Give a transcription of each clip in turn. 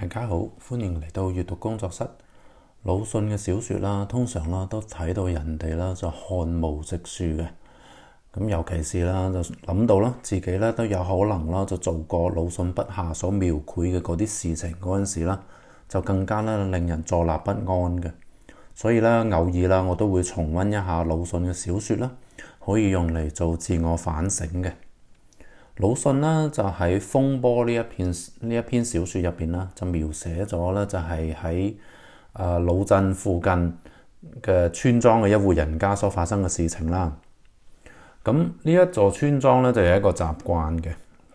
大家好，歡迎嚟到閱讀工作室。魯迅嘅小說啦，通常啦都睇到人哋啦就汗毛直豎嘅，咁尤其是啦就諗到啦自己咧都有可能啦就做過魯迅筆下所描繪嘅嗰啲事情嗰陣時啦，就更加啦令人坐立不安嘅。所以咧偶爾啦，我都會重溫一下魯迅嘅小說啦，可以用嚟做自我反省嘅。魯迅咧就喺《風波》呢一篇呢一篇小説入邊啦，就描寫咗咧就係喺啊魯鎮附近嘅村莊嘅一戶人家所發生嘅事情啦。咁、嗯、呢一座村莊咧就有一個習慣嘅，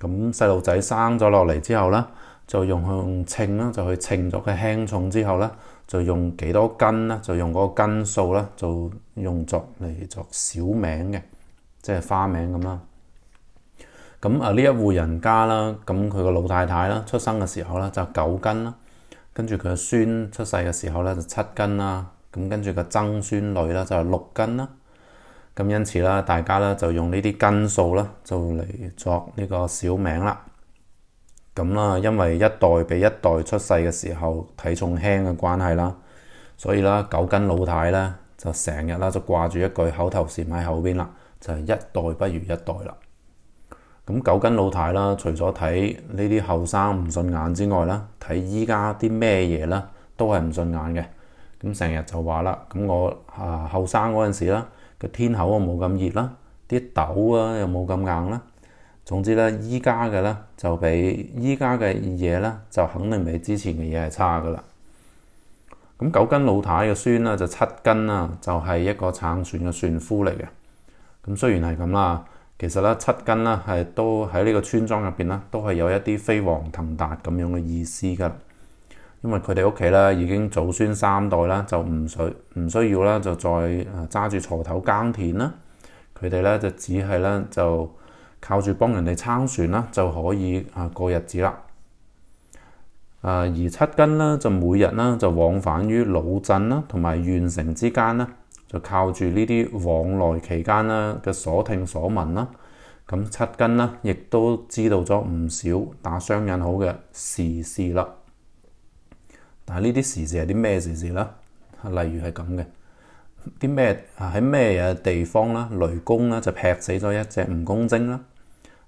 咁細路仔生咗落嚟之後咧，就用去稱啦，就去稱咗佢輕重之後咧，就用幾多斤咧，就用嗰個斤數咧，就用作嚟作小名嘅，即係花名咁啦。咁啊呢一戶人家啦，咁佢個老太太啦，出生嘅時候咧就九斤啦，跟住佢嘅孫出世嘅時候咧就七斤啦，咁跟住個曾孫女咧就六斤啦。咁因此啦，大家咧就用呢啲斤數啦，就嚟作呢個小名啦。咁啦，因為一代比一代出世嘅時候體重輕嘅關係啦，所以啦九斤老太咧就成日啦就掛住一句口頭禪喺後邊啦，就係一代不如一代啦。咁九斤老太啦，除咗睇呢啲後生唔順眼之外啦，睇依家啲咩嘢啦，都係唔順眼嘅。咁成日就話啦，咁我啊後生嗰陣時啦，個天口啊冇咁熱啦，啲豆啊又冇咁硬啦。總之咧，依家嘅咧就比依家嘅嘢咧就肯定比之前嘅嘢係差噶啦。咁九斤老太嘅孫啊就七斤啊，就係一個撐船嘅船夫嚟嘅。咁雖然係咁啦。其實咧，七斤啦，係都喺呢個村莊入邊啦，都係有一啲飛黃騰達咁樣嘅意思噶。因為佢哋屋企啦，已經祖孫三代啦，就唔需唔需要啦，就再揸住鋤頭耕田啦。佢哋咧就只係咧就靠住幫人哋撐船啦，就可以啊過日子啦。啊，而七斤咧就每日咧就往返於老鎮啦同埋縣城之間啦，就靠住呢啲往來期間咧嘅所聽所聞啦。咁七斤啦，亦都知道咗唔少打雙引號嘅時事啦。但係呢啲時事係啲咩時事啦？例如係咁嘅，啲咩喺咩嘢地方啦？雷公啦就劈死咗一隻蜈蚣精啦，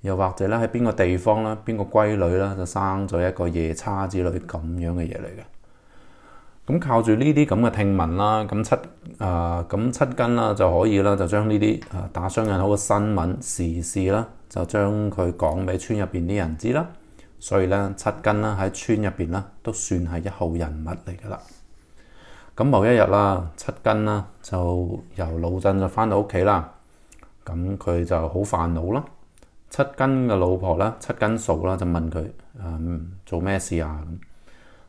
又或者咧喺邊個地方啦，邊個閨女啦就生咗一個夜叉之類咁樣嘅嘢嚟嘅。咁靠住呢啲咁嘅聽聞啦，咁七啊咁、呃、七斤啦就可以啦，就將呢啲啊打傷人口嘅新聞時事啦，就將佢講俾村入邊啲人知啦。所以咧，七斤啦喺村入邊咧都算係一號人物嚟噶啦。咁某一日啦，七斤啦就由魯鎮就翻到屋企啦。咁佢就好煩惱咯。七斤嘅老婆啦，七斤嫂啦就問佢啊、嗯，做咩事啊？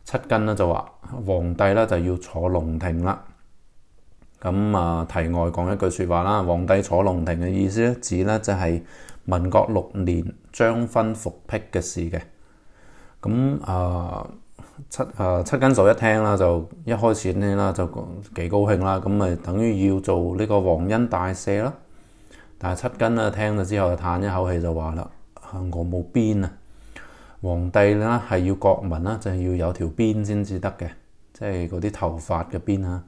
七斤呢，就話皇帝咧就要坐龍庭啦，咁啊題外講一句説話啦，皇帝坐龍庭嘅意思咧指咧就係民國六年張勳復辟嘅事嘅，咁啊、呃、七啊、呃、七斤嫂一聽啦就一開始咧就幾高興啦，咁咪等於要做呢個皇恩大赦啦，但係七斤咧聽咗之後就嘆一口氣就話啦，我冇辮啊！皇帝呢係要國民啦，就係、是、要有條辮先至得嘅，即係嗰啲頭髮嘅辮啊。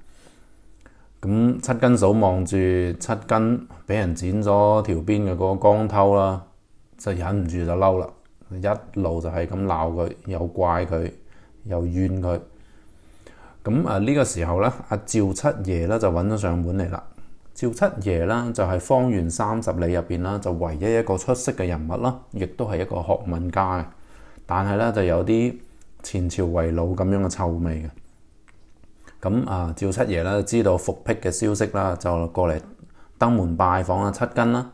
咁七根嫂望住七根俾人剪咗條辮嘅嗰個光頭啦，就忍唔住就嬲啦，一路就係咁鬧佢，又怪佢，又怨佢。咁啊呢個時候呢，阿趙七爺呢就揾咗上門嚟啦。趙七爺呢就係、是、方圓三十里入邊啦，就唯一一個出色嘅人物啦，亦都係一個學問家嘅。但係咧就有啲前朝遺老咁樣嘅臭味嘅，咁啊趙七爺咧知道復辟嘅消息啦，就過嚟登門拜訪啊七根啦，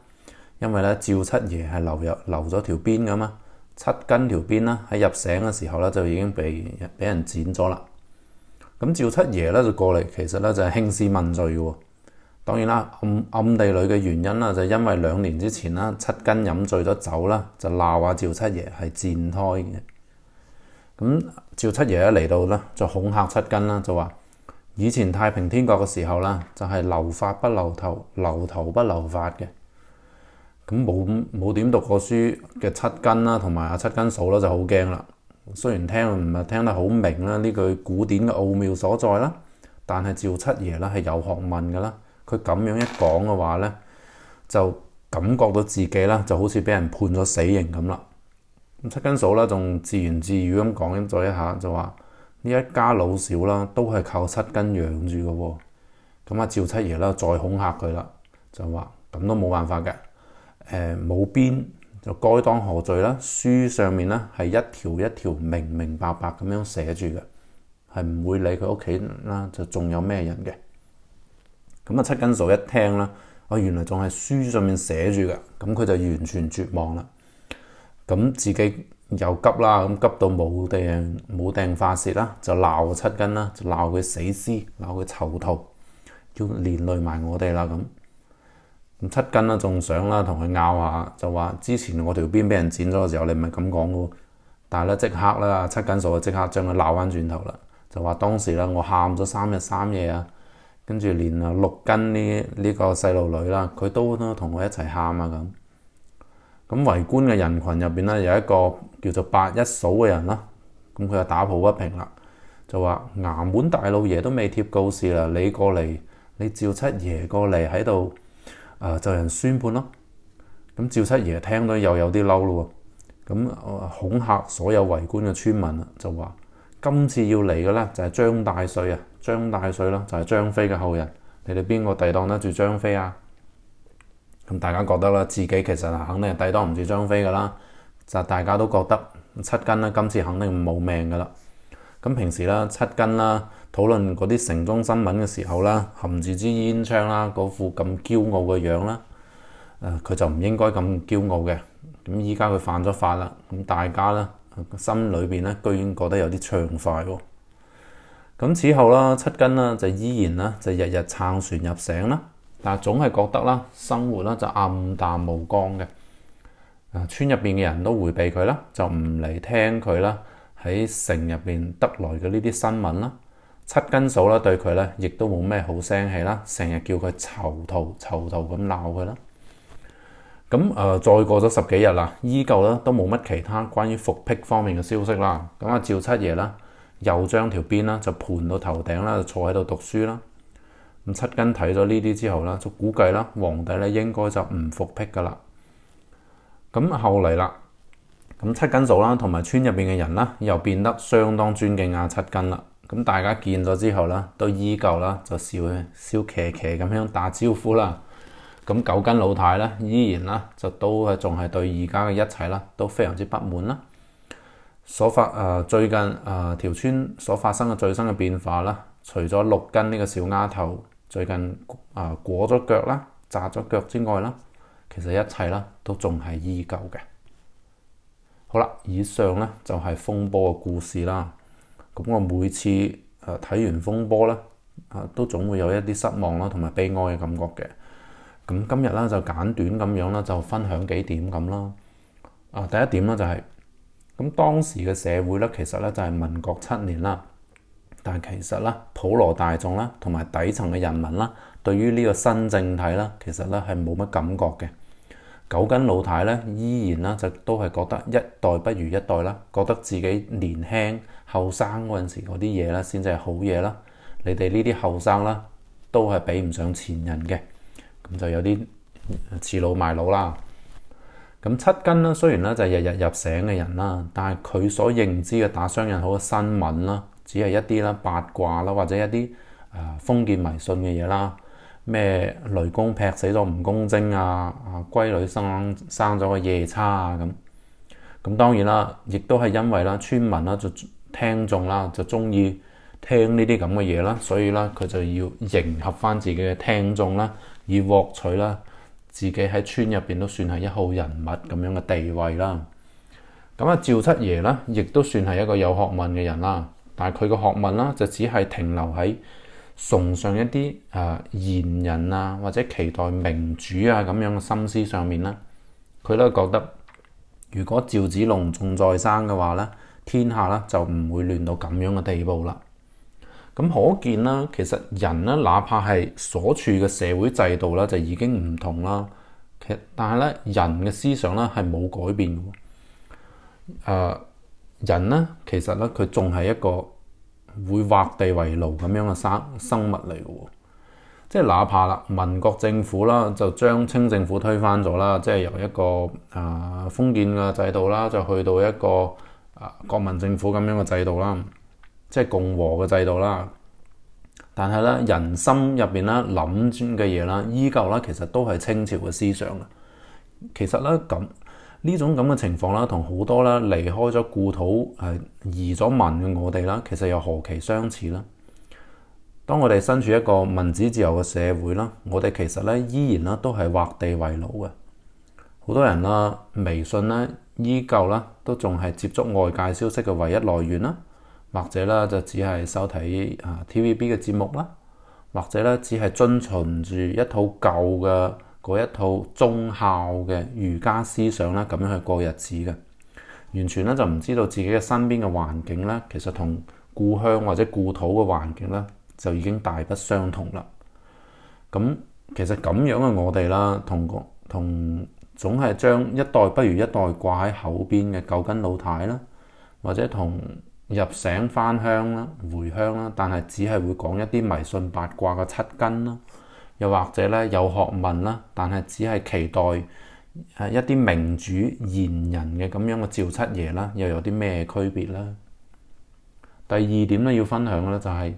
因為咧趙七爺係留咗條辮嘅嘛，七根條辮啦喺入城嘅時候咧就已經被俾人剪咗啦，咁趙七爺咧就過嚟，其實咧就係興師問罪嘅。當然啦，暗暗地裏嘅原因啦，就係因為兩年之前啦，七根飲醉咗酒啦，就鬧阿趙七爺係賤胎嘅。咁趙七爺一嚟到啦，就恐嚇七根啦，就話以前太平天國嘅時候啦，就係留髮不留頭，留頭不留髮嘅。咁冇冇點讀過書嘅七根啦，同埋阿七根嫂啦，就好驚啦。雖然聽唔係聽得好明啦呢句古典嘅奧妙所在啦，但係趙七爺啦係有學問噶啦。佢咁樣一講嘅話呢，就感覺到自己啦，就好似俾人判咗死刑咁啦。七根嫂啦，仲自言自語咁講咗一下，就話呢一家老少啦，都係靠七根養住嘅喎。咁啊，趙七爺啦，再恐嚇佢啦，就話咁都冇辦法嘅。冇、呃、邊就該當何罪啦？書上面呢，係一條一條明明白白咁樣寫住嘅，係唔會理佢屋企啦，就仲有咩人嘅。咁啊！七斤嫂一聽啦，我原來仲係書上面寫住嘅，咁佢就完全絕望啦。咁自己又急啦，咁急到冇掟冇掟發洩啦，就鬧七斤啦，就鬧佢死屍，鬧佢囚徒，要連累埋我哋啦咁。咁七斤啦，仲想啦，同佢拗下，就話之前我條邊俾人剪咗嘅時候，你唔係咁講噶喎。但係咧即刻啦，七斤嫂就即刻將佢鬧翻轉頭啦，就話當時咧我喊咗三日三夜啊！跟住連啊六斤呢呢、呢個細路女啦，佢都都同我一齊喊啊咁。咁圍觀嘅人群入邊咧，有一個叫做八一嫂嘅人啦，咁佢就打抱不平啦，就話衙門大老爺都未貼告示啦，你過嚟，你趙七爺過嚟喺度啊，就有人宣判咯。咁趙七爺聽到又有啲嬲咯，咁恐嚇所有圍觀嘅村民啦，就話今次要嚟嘅咧就係、是、張大帥啊！張大水啦，就係張飛嘅後人。你哋邊個抵擋得住張飛啊？咁大家覺得啦，自己其實係肯定係抵擋唔住張飛噶啦。就大家都覺得七斤啦，今次肯定冇命噶啦。咁平時啦，七斤啦討論嗰啲城中新聞嘅時候啦，含住支煙槍啦，嗰副咁驕傲嘅樣啦，佢就唔應該咁驕傲嘅。咁依家佢犯咗法啦，咁大家呢，心裏邊呢，居然覺得有啲暢快喎。咁此後啦，七斤啦就依然啦就日日撐船入城啦，但係總係覺得啦，生活啦就暗淡無光嘅。村入邊嘅人都回避佢啦，就唔嚟聽佢啦。喺城入邊得來嘅呢啲新聞啦，七斤嫂啦對佢咧亦都冇咩好聲氣啦，成日叫佢「囚徒」、「囚徒」咁鬧佢啦。咁誒，再過咗十幾日啦，依舊咧都冇乜其他關於復辟方面嘅消息啦。咁啊，趙七爺啦。又將條辮啦就盤到頭頂啦，就坐喺度讀書啦。咁七斤睇咗呢啲之後啦，就估計啦，皇帝咧應該就唔復辟噶啦。咁後嚟啦，咁七斤嫂啦，同埋村入邊嘅人啦，又變得相當尊敬阿七斤啦。咁大家見咗之後啦，都依舊啦，就笑笑騎騎咁樣打招呼啦。咁九斤老太咧，依然啦，就都啊，仲係對而家嘅一切啦，都非常之不滿啦。所發誒、呃、最近誒、呃、條村所發生嘅最新嘅變化啦，除咗六斤呢個小丫頭最近誒、呃、裹咗腳啦、紮咗腳之外啦，其實一切啦都仲係依舊嘅。好啦，以上咧就係、是、風波嘅故事啦。咁我每次誒睇、呃、完風波咧，啊、呃、都總會有一啲失望啦同埋悲哀嘅感覺嘅。咁今日咧就簡短咁樣啦，就分享幾點咁啦。啊、呃，第一點咧就係、是。咁當時嘅社會咧，其實咧就係民國七年啦，但其實咧普羅大眾啦，同埋底層嘅人民啦，對於呢個新政體啦，其實咧係冇乜感覺嘅。九斤老太咧依然咧就都係覺得一代不如一代啦，覺得自己年輕後生嗰陣時嗰啲嘢咧先至係好嘢啦，你哋呢啲後生啦都係比唔上前人嘅，咁就有啲倚老賣老啦。咁七根啦，雖然咧就係、是、日日入醒嘅人啦，但係佢所認知嘅打傷人好嘅新聞啦，只係一啲啦八卦啦，或者一啲誒、呃、封建迷信嘅嘢啦，咩雷公劈死咗蜈蚣精啊，啊龜女生生咗個夜叉啊咁。咁當然啦，亦都係因為啦村民啦就聽眾啦就中意聽呢啲咁嘅嘢啦，所以咧佢就要迎合翻自己嘅聽眾啦，以獲取啦。自己喺村入邊都算係一號人物咁樣嘅地位啦。咁啊，趙七爺呢，亦都算係一個有學問嘅人啦，但係佢嘅學問啦，就只係停留喺崇尚一啲誒賢人啊，或者期待明主啊咁樣嘅心思上面啦。佢都覺得如果趙子龍仲在生嘅話呢，天下呢就唔會亂到咁樣嘅地步啦。咁可見啦，其實人咧，哪怕係所處嘅社會制度咧，就已經唔同啦。其實，但係咧，人嘅思想咧係冇改變嘅。誒、呃，人咧其實咧，佢仲係一個會畫地為牢咁樣嘅生生物嚟嘅喎。即係哪怕啦，民國政府啦，就將清政府推翻咗啦，即係由一個誒、呃、封建嘅制度啦，就去到一個誒、呃、國民政府咁樣嘅制度啦。即係共和嘅制度啦，但係咧人心入邊咧諗住嘅嘢啦，依舊咧其實都係清朝嘅思想。其實咧咁呢種咁嘅情況啦，同好多咧離開咗故土移咗民嘅我哋啦，其實又何其相似啦！當我哋身處一個民主自由嘅社會啦，我哋其實咧依然咧都係畫地為牢嘅。好多人啦，微信咧依舊啦都仲係接觸外界消息嘅唯一來源啦。或者咧就只係收睇啊 T.V.B. 嘅節目啦，或者咧只係遵循住一套舊嘅嗰一套忠孝嘅儒家思想啦。咁樣去過日子嘅，完全咧就唔知道自己嘅身邊嘅環境咧，其實同故鄉或者故土嘅環境咧就已經大不相同啦。咁其實咁樣嘅我哋啦，同同總係將一代不如一代掛喺口邊嘅舊根老太啦，或者同，入省返鄉啦，回鄉啦，但係只係會講一啲迷信八卦嘅七根啦，又或者咧有學問啦，但係只係期待一啲明主賢人嘅咁樣嘅趙七爺啦，又有啲咩區別啦？第二點咧要分享嘅咧就係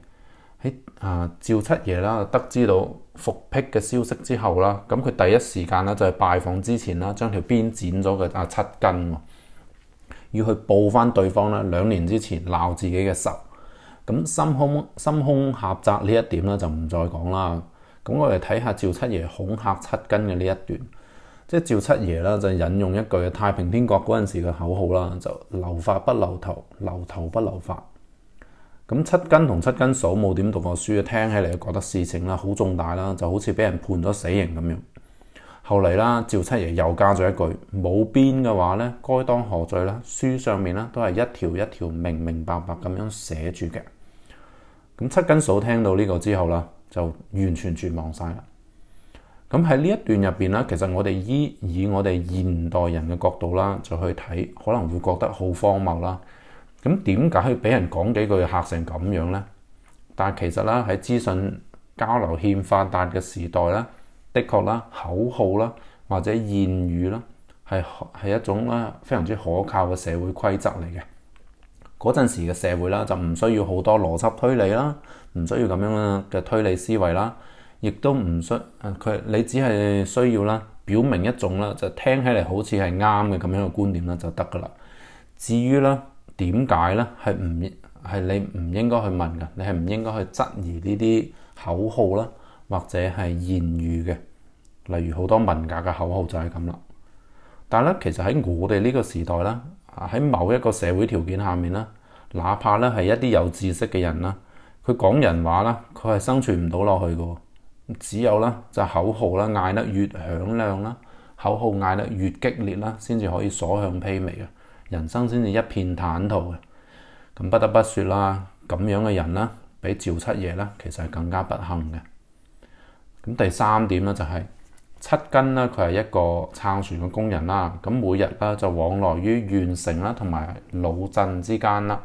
喺啊趙七爺啦，得知到復辟嘅消息之後啦，咁佢第一時間咧就係拜訪之前啦，將條鞭剪咗嘅啊七根。要去報翻對方咧，兩年之前鬧自己嘅仇，咁心胸心胸狹窄呢一點咧就唔再講啦。咁我哋睇下趙七爺恐嚇七斤嘅呢一段，即係趙七爺啦，就引用一句太平天國嗰陣時嘅口號啦，就留髮不留頭，留頭不留髮。咁七斤同七斤嫂冇點讀過書，聽起嚟覺得事情啦好重大啦，就好似俾人判咗死刑咁樣。後嚟啦，趙七爺又加咗一句：冇辮嘅話呢，該當何罪咧？書上面咧都係一條一條明明白白咁樣寫住嘅。咁七斤嫂聽到呢個之後啦，就完全絕望晒啦。咁喺呢一段入邊呢，其實我哋依以，以我哋現代人嘅角度啦，就去睇可能會覺得好荒謬啦。咁點解俾人講幾句嚇成咁樣呢？但係其實啦，喺資訊交流欠發達嘅時代咧。的確啦，口號啦或者言語啦，係係一種咧非常之可靠嘅社會規則嚟嘅。嗰陣時嘅社會啦，就唔需要好多邏輯推理啦，唔需要咁樣嘅推理思維啦，亦都唔需佢你只係需要啦，表明一種啦，就聽起嚟好似係啱嘅咁樣嘅觀點啦就得噶啦。至於咧點解咧係唔係你唔應該去問噶，你係唔應該去質疑呢啲口號啦或者係言語嘅。例如好多文革嘅口號就係咁啦，但係咧，其實喺我哋呢個時代咧，喺某一個社會條件下面啦，哪怕咧係一啲有知識嘅人啦，佢講人話啦，佢係生存唔到落去嘅，只有啦就口號啦嗌得越響亮啦，口號嗌得越激烈啦，先至可以所向披靡呀，人生先至一片坦途呀。咁不得不說啦，咁樣嘅人啦，比趙七爺咧其實係更加不幸嘅。咁第三點咧就係、是。七斤咧，佢係一個撐船嘅工人啦。咁每日咧就往來於縣城啦同埋魯鎮之間啦。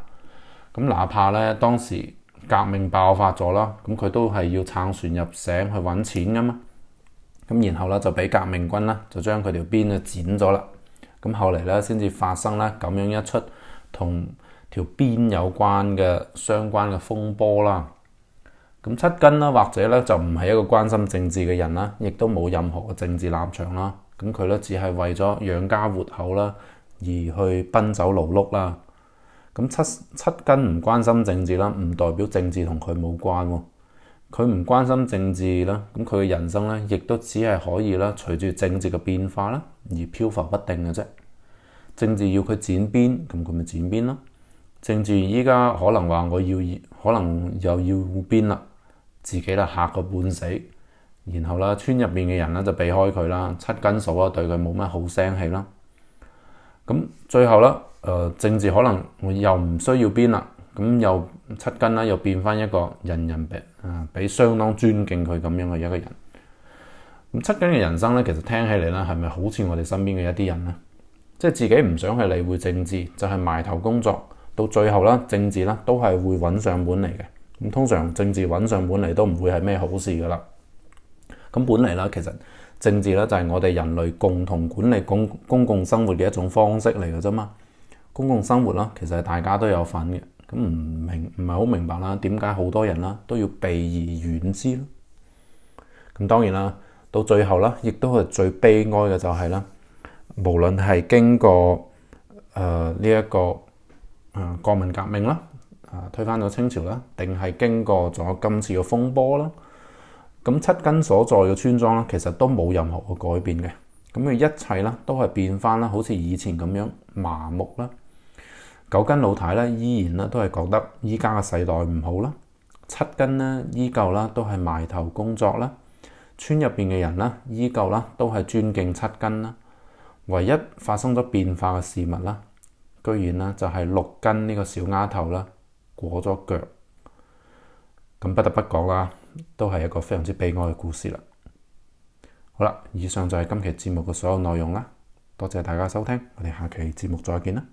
咁哪怕咧當時革命爆發咗啦，咁佢都係要撐船入省去揾錢噶嘛。咁然後咧就俾革命軍咧就將佢條辮啊剪咗啦。咁後嚟咧先至發生咧咁樣一出同條辮有關嘅相關嘅風波啦。咁七根啦，或者咧就唔係一個關心政治嘅人啦，亦都冇任何嘅政治立場啦。咁佢咧只係為咗養家活口啦，而去奔走勞碌啦。咁七七根唔關心政治啦，唔代表政治同佢冇關。佢唔關心政治啦，咁佢嘅人生咧，亦都只係可以啦，隨住政治嘅變化啦，而漂浮不定嘅啫。政治要佢剪邊，咁佢咪剪邊咯。政治依家可能話我要，可能又要邊啦。自己咧嚇個半死，然後咧村入面嘅人咧就避開佢啦，七斤嫂啊對佢冇乜好聲氣啦。咁最後咧，誒、呃、政治可能我又唔需要邊啦，咁又七斤咧又變翻一個人人比，啊俾相當尊敬佢咁樣嘅一個人。咁七斤嘅人生咧，其實聽起嚟咧係咪好似我哋身邊嘅一啲人呢？即係自己唔想去理會政治，就係、是、埋頭工作，到最後咧政治咧都係會揾上門嚟嘅。咁通常政治揾上本嚟都唔會係咩好事噶啦，咁本嚟啦，其實政治咧就係、是、我哋人類共同管理公公共生活嘅一種方式嚟嘅啫嘛。公共生活啦，其實大家都有份嘅，咁唔明唔係好明白啦，點解好多人啦都要避而遠之？咁當然啦，到最後啦，亦都係最悲哀嘅就係啦，無論係經過誒呢一個誒、呃、國民革命啦。啊！推翻咗清朝啦，定係經過咗今次嘅風波啦。咁七根所在嘅村莊啦，其實都冇任何嘅改變嘅。咁佢一切啦，都係變翻啦，好似以前咁樣麻木啦。九根老太咧，依然咧都係覺得依家嘅世代唔好啦。七根呢，依舊啦都係埋頭工作啦。村入邊嘅人啦，依舊啦都係尊敬七根啦。唯一發生咗變化嘅事物啦，居然呢就係六根呢個小丫頭啦。裹咗腳，咁不得不講啦，都係一個非常之悲哀嘅故事啦。好啦，以上就係今期節目嘅所有內容啦。多謝大家收聽，我哋下期節目再見啦。